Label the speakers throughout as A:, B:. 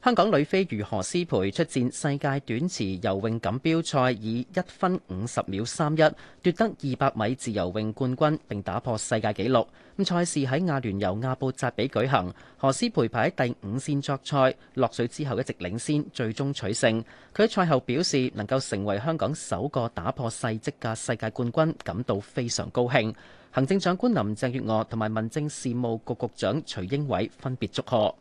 A: 香港女飛魚何思培出戰世界短池游泳錦標賽以一分五十秒三一奪得二百米自由泳冠軍並打破世界紀錄。咁賽事喺阿聯酋阿布扎比舉行，何思培排喺第五線作賽，落水之後一直領先，最終取勝。佢喺賽後表示能夠成為香港首個打破世績嘅世界冠軍，感到非常高興。行政長官林鄭月娥同埋民政事務局局長徐英偉分別祝賀。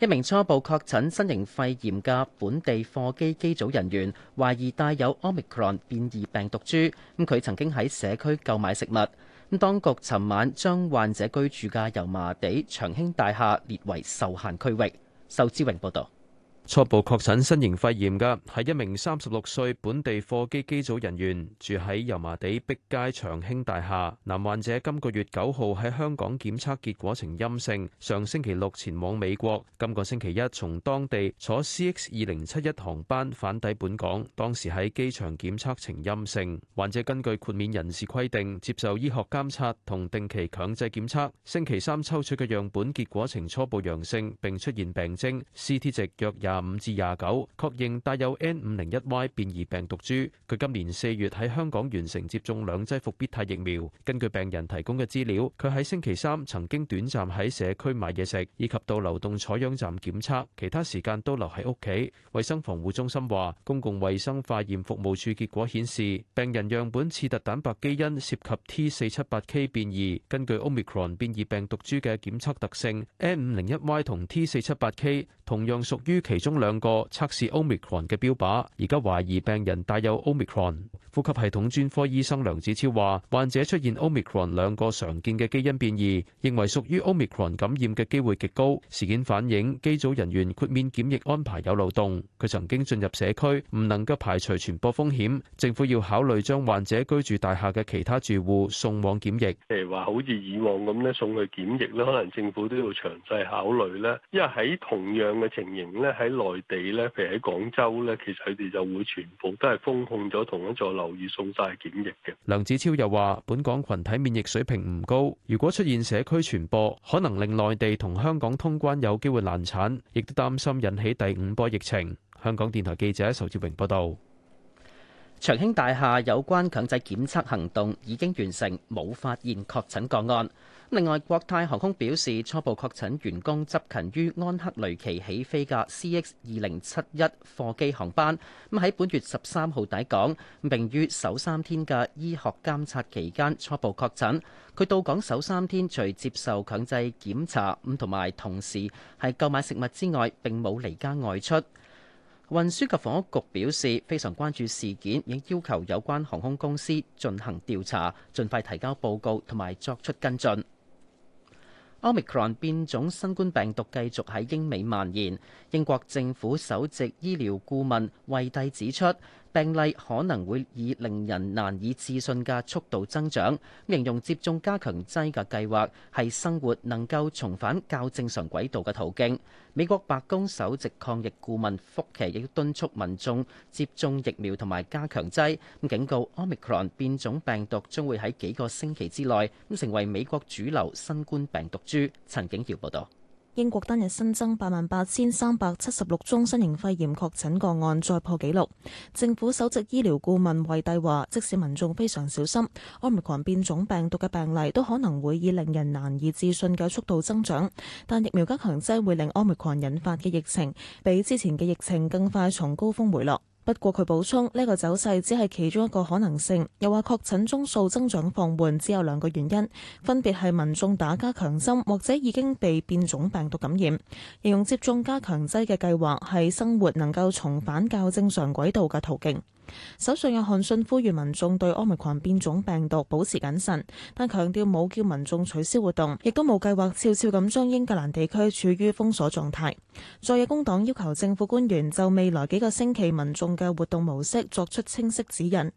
A: 一名初步確診新型肺炎嘅本地貨機機組人員，懷疑帶有 Omicron 變異病毒株，咁佢曾經喺社區購買食物，咁當局尋晚將患者居住嘅油麻地長興大廈列為受限區域。仇志榮報道。
B: 初步確診新型肺炎嘅係一名三十六歲本地貨機機組人員，住喺油麻地碧街長興大廈。男患者今個月九號喺香港檢測結果呈陰性，上星期六前往美國，今個星期一從當地坐 CX 二零七一航班返抵本港，當時喺機場檢測呈陰性。患者根據豁免人士規定接受醫學監察同定期強制檢測，星期三抽取嘅樣本結果呈初步陽性，並出現病徵，CT 值約廿五至廿九，確認帶有 N 五零一 Y 變異病毒株。佢今年四月喺香港完成接種兩劑復必泰疫苗。根據病人提供嘅資料，佢喺星期三曾經短暫喺社區買嘢食，以及到流動採樣站檢測，其他時間都留喺屋企。衞生防護中心話，公共衞生化驗服務處結果顯示，病人樣本刺突蛋白基因涉及 T 四七八 K 變異。根據 Omicron 變異病毒株嘅檢測特性，N 五零一 Y 同 T 四七八 K 同樣屬於其中中兩個測試奧密克戎嘅標靶，而家懷疑病人帶有奧密克戎。呼吸系統專科醫生梁子超話：患者出現奧密克戎兩個常見嘅基因變異，認為屬於奧密克戎感染嘅機會極高。事件反映機組人員豁免檢疫安排有漏洞。佢曾經進入社區，唔能夠排除傳播風險。政府要考慮將患者居住大廈嘅其他住戶送往檢疫。譬如話好似以往咁咧，送去檢疫咧，可能政府都要詳細考慮咧。因為喺同樣嘅情形咧，喺喺內地呢，譬如喺廣州呢，其實佢哋就會全部都係封控咗，同一座樓宇送晒檢疫嘅。梁子超又話：本港群體免疫水平唔高，如果出現社區傳播，可能令內地同香港通關有機會難產，亦都擔心引起第五波疫
A: 情。香港電台記者仇志榮報道。長興大廈有關強制檢測行動已經完成，冇發現確診個案。另外，國泰航空表示，初步確診員工執勤於安克雷奇起飛嘅 CX 二零七一貨機航班，咁喺本月十三號抵港，並於首三天嘅醫學監察期間初步確診。佢到港首三天除接受強制檢查，咁同埋同時係購買食物之外，並冇離家外出。運輸及房屋局表示非常關注事件，已要求有關航空公司進行調查，盡快提交報告同埋作出跟進。Omicron 變種新冠病毒繼續喺英美蔓延，英國政府首席醫療顧問惠帝指出，病例可能會以令人難以置信嘅速度增長，形容接種加強劑嘅計劃係生活能夠重返較正常軌道嘅途徑。美國白宮首席抗疫顧問福奇亦敦促民眾接種疫苗同埋加強劑，警告 Omicron 變種病毒將會喺幾個星期之內成為美國主流新冠病毒株。陳景耀報道。
C: 英國單日新增八萬八千三百七十六宗新型肺炎確診個案，再破紀錄。政府首席醫療顧問惠蒂話：即使民眾非常小心，奧密克戎變種病毒嘅病例都可能會以令人難以置信嘅速度增長。但疫苗加強劑會令奧密克戎引發嘅疫情，比之前嘅疫情更快從高峰回落。不過佢補充，呢個走勢只係其中一個可能性。又話確診宗數增長放緩，只有兩個原因，分別係民眾打加強針，或者已經被變種病毒感染。形容接種加強劑嘅計劃係生活能夠重返較正常軌道嘅途徑。首相約翰遜呼籲民眾對奧密群變種病毒保持謹慎，但強調冇叫民眾取消活動，亦都冇計劃悄悄咁將英格蘭地區處於封鎖狀態。在野工黨要求政府官員就未來幾個星期民眾嘅活動模式作出清晰指引。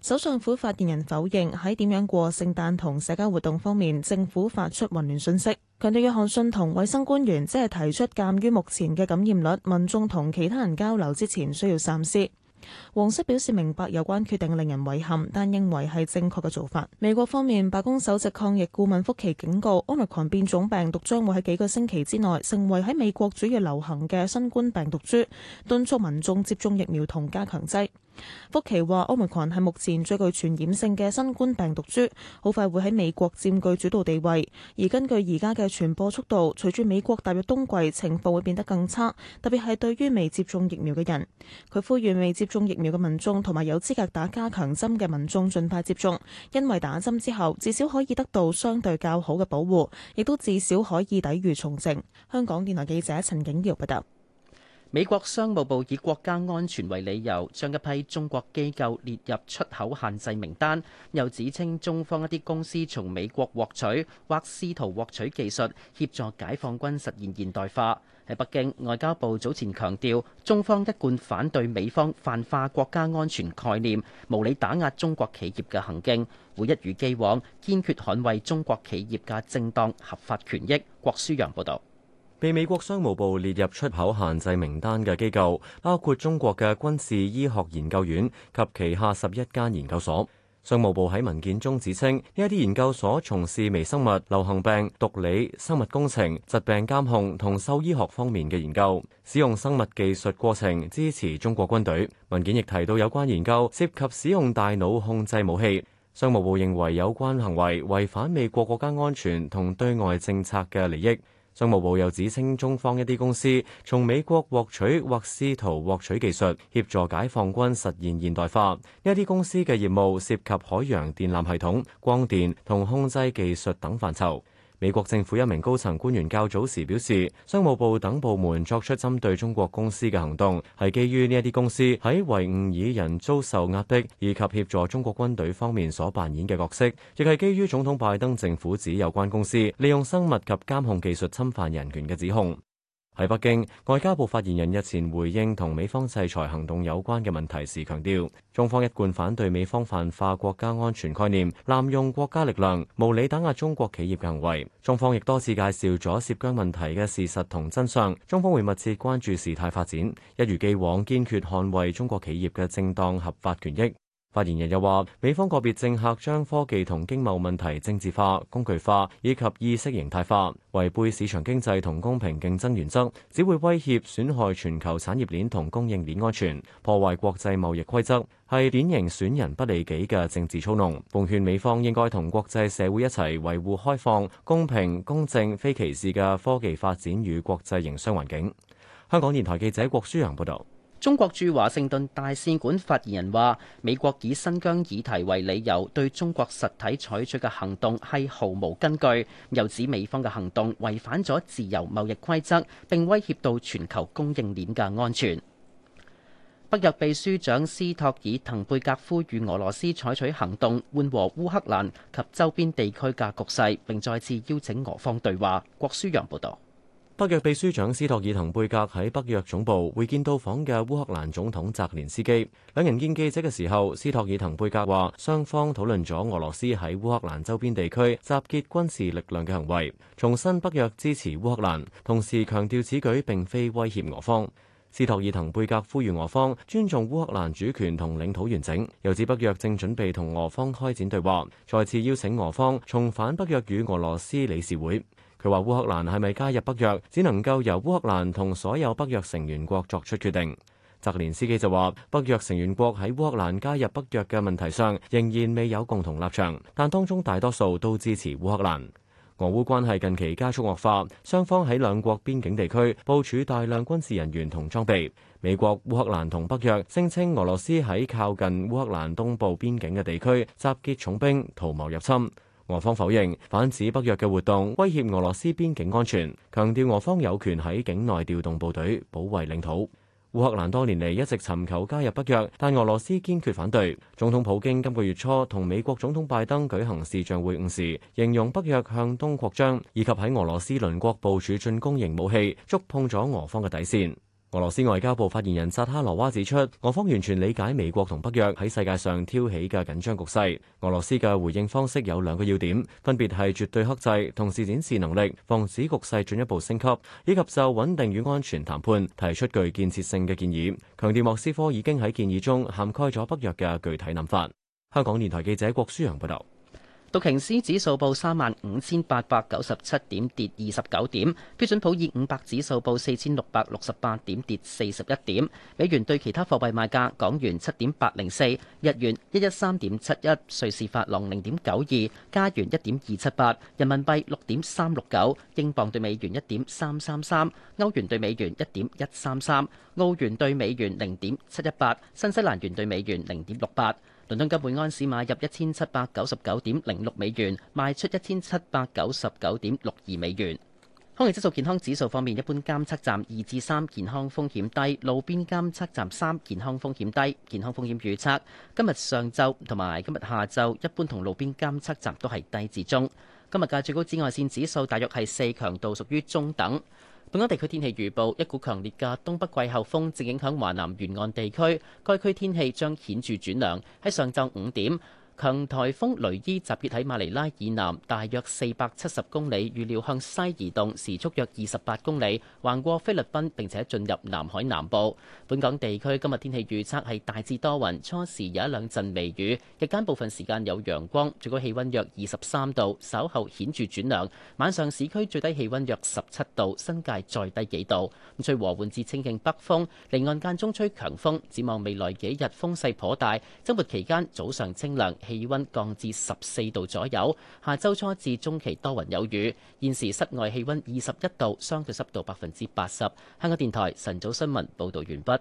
C: 首相府發言人否認喺點樣過聖誕同社交活動方面政府發出混亂信息，強調約翰遜同衛生官員即係提出鑒於目前嘅感染率，民眾同其他人交流之前需要三思。王室表示明白有關決定令人遺憾，但認為係正確嘅做法。美國方面，白宮首席抗疫顧問福奇警告，Omicron 變種病毒將會喺幾個星期之內成為喺美國主要流行嘅新冠病毒株，敦促民眾接種疫苗同加強劑。福奇話，Omicron 係目前最具傳染性嘅新冠病毒株，好快會喺美國佔據主導地位。而根據而家嘅傳播速度，隨住美國踏入冬季，情況會變得更差，特別係對於未接種疫苗嘅人。佢呼籲未接種疫苗嘅民眾同埋有資格打加強針嘅民眾盡快接種，因為打針之後至少可以得到相對較好嘅保護，亦都至少可以抵御重症。香港電台記者陳景堯報道。美國商
A: 務部以國家安全為理由，將一批中國機構列入出口限制名單，又指稱中方一啲公司從美國獲取或試圖獲取技術，協助解放軍實現現代化。喺北京，外交部早前強調，中方一貫反對美方泛化國家安全概念，無理打壓中國企業嘅行徑，會一如既往堅決捍衛中國企業嘅正當合法
D: 權益。郭舒揚報導。被美國商務部列入出口限制名單嘅機構，包括中國嘅軍事醫學研究院及旗下十一間研究所。商務部喺文件中指稱，呢一啲研究所從事微生物、流行病、毒理、生物工程、疾病監控同獸醫學方面嘅研究，使用生物技術過程支持中國軍隊。文件亦提到有關研究涉及使用大腦控制武器。商務部認為有關行為違反美國國家安全同對外政策嘅利益。商務部又指稱中方一啲公司從美國獲取或試圖獲取技術，協助解放軍實現現代化。一啲公司嘅業務涉及海洋電纜系統、光電同控制技術等範疇。美國政府一名高層官員較早時表示，商務部等部門作出針對中國公司嘅行動，係基於呢一啲公司喺維吾爾人遭受壓迫，以及協助中國軍隊方面所扮演嘅角色，亦係基於總統拜登政府指有關公司利用生物及監控技術侵犯人權嘅指控。喺北京，外交部發言人日前回應同美方制裁行動有關嘅問題時強調，中方一貫反對美方泛化國家安全概念、濫用國家力量、無理打壓中國企業嘅行為，中方亦多次介紹咗涉疆問題嘅事實同真相。中方會密切關注事態發展，一如既往堅決捍衛中國企業嘅正當合法權益。發言人又話：美方個別政客將科技同經貿問題政治化、工具化以及意識形態化，違背市場經濟同公平競爭原則，只會威脅損害全球產業鏈同供應鏈安全，破壞國際貿易規則，係典型損人不利己嘅政治操弄。奉勸美方應該同國際社會一齊維護開放、公平、公正、非歧視嘅科技發展與國際營商環境。香港電台記者郭舒揚報道。中國駐華盛頓大使館發言人話：美國以新疆議題為
A: 理由對中國實體採取嘅行動係毫無根據，又指美方嘅行動違反咗自由貿易規則，並威脅到全球供應鏈嘅安全。北約秘書長斯托爾滕貝格呼籲俄羅斯採取行動緩和烏克蘭及周邊地區嘅局勢，並再次邀請俄方對話。
D: 郭書陽報道。北約秘書長斯托爾滕貝格喺北約總部會見到訪嘅烏克蘭總統澤連斯基，兩人見記者嘅時候，斯托爾滕貝格話雙方討論咗俄羅斯喺烏克蘭周邊地區集結軍事力量嘅行為，重申北約支持烏克蘭，同時強調此舉並非威脅俄方。斯托爾滕貝格呼籲俄方尊重烏克蘭主權同領土完整，又指北約正準備同俄方開展對話，再次邀請俄方重返北約與俄羅斯理事會。佢話烏克蘭係咪加入北約，只能夠由烏克蘭同所有北約成員國作出決定。澤連斯基就話，北約成員國喺烏克蘭加入北約嘅問題上，仍然未有共同立場，但當中大多數都支持烏克蘭。俄烏關係近期加速惡化，雙方喺兩國邊境地區部署大量軍事人員同裝備。美國、烏克蘭同北約聲稱俄羅斯喺靠近烏克蘭東部邊境嘅地區集結重兵，圖謀入侵。俄方否認，反指北約嘅活動威脅俄羅斯邊境安全，強調俄方有權喺境內調動部隊保衛領土。烏克蘭多年嚟一直尋求加入北約，但俄羅斯堅決反對。總統普京今個月初同美國總統拜登舉行視像會晤時，形容北約向東擴張以及喺俄羅斯鄰國部署進攻型武器，觸碰咗俄方嘅底線。俄羅斯外交部發言人扎哈羅娃指出，俄方完全理解美國同北約喺世界上挑起嘅緊張局勢。俄羅斯嘅回應方式有兩個要點，分別係絕對克制，同時展示能力，防止局勢進一步升級，以及就穩定與安全談判提出具建設性嘅建議。強調莫斯科已經喺建議中涵蓋咗北約嘅具體諗法。香港電台記者郭舒揚報道。道瓊斯指數報三萬五千八百九十七點，跌
A: 二十九點。標準普爾五百指數報四千六百六十八點，跌四十一點。美元對其他貨幣賣價：港元七點八零四，日元一一三點七一，瑞士法郎零點九二，加元一點二七八，人民幣六點三六九，英鎊對美元一點三三三，歐元對美元一點一三三，澳元對美元零點七一八，新西蘭元對美元零點六八。倫敦金換安市買入一千七百九十九點零六美元，賣出一千七百九十九點六二美元。空氣質素健康指數方面，一般監測站二至三，健康風險低，路邊監測站三，健康風險低。健康風險預測今日上晝同埋今日下晝，一般同路邊監測站都係低至中。今日嘅最高紫外線指數大約係四，強度屬於中等。本港地區天氣預報，一股強烈嘅東北季候風正影響華南沿岸地區。該區天氣將顯著轉涼，喺上晝五點。強颱風雷伊集結喺馬尼拉以南，大約四百七十公里，預料向西移動，時速約二十八公里，橫過菲律賓並且進入南海南部。本港地區今日天氣預測係大致多雲，初時有一兩陣微雨，日間部分時間有陽光，最高氣溫約二十三度，稍後顯著轉涼。晚上市區最低氣溫約十七度，新界再低幾度。吹和緩至清勁北風，離岸間中吹強風。展望未來幾日風勢頗大，周末期間早上清涼。氣溫降至十四度左右，下周初至中期多雲有雨。現時室外氣溫二十一度，相對濕度百分之八十。香港電台晨早新聞報道完畢。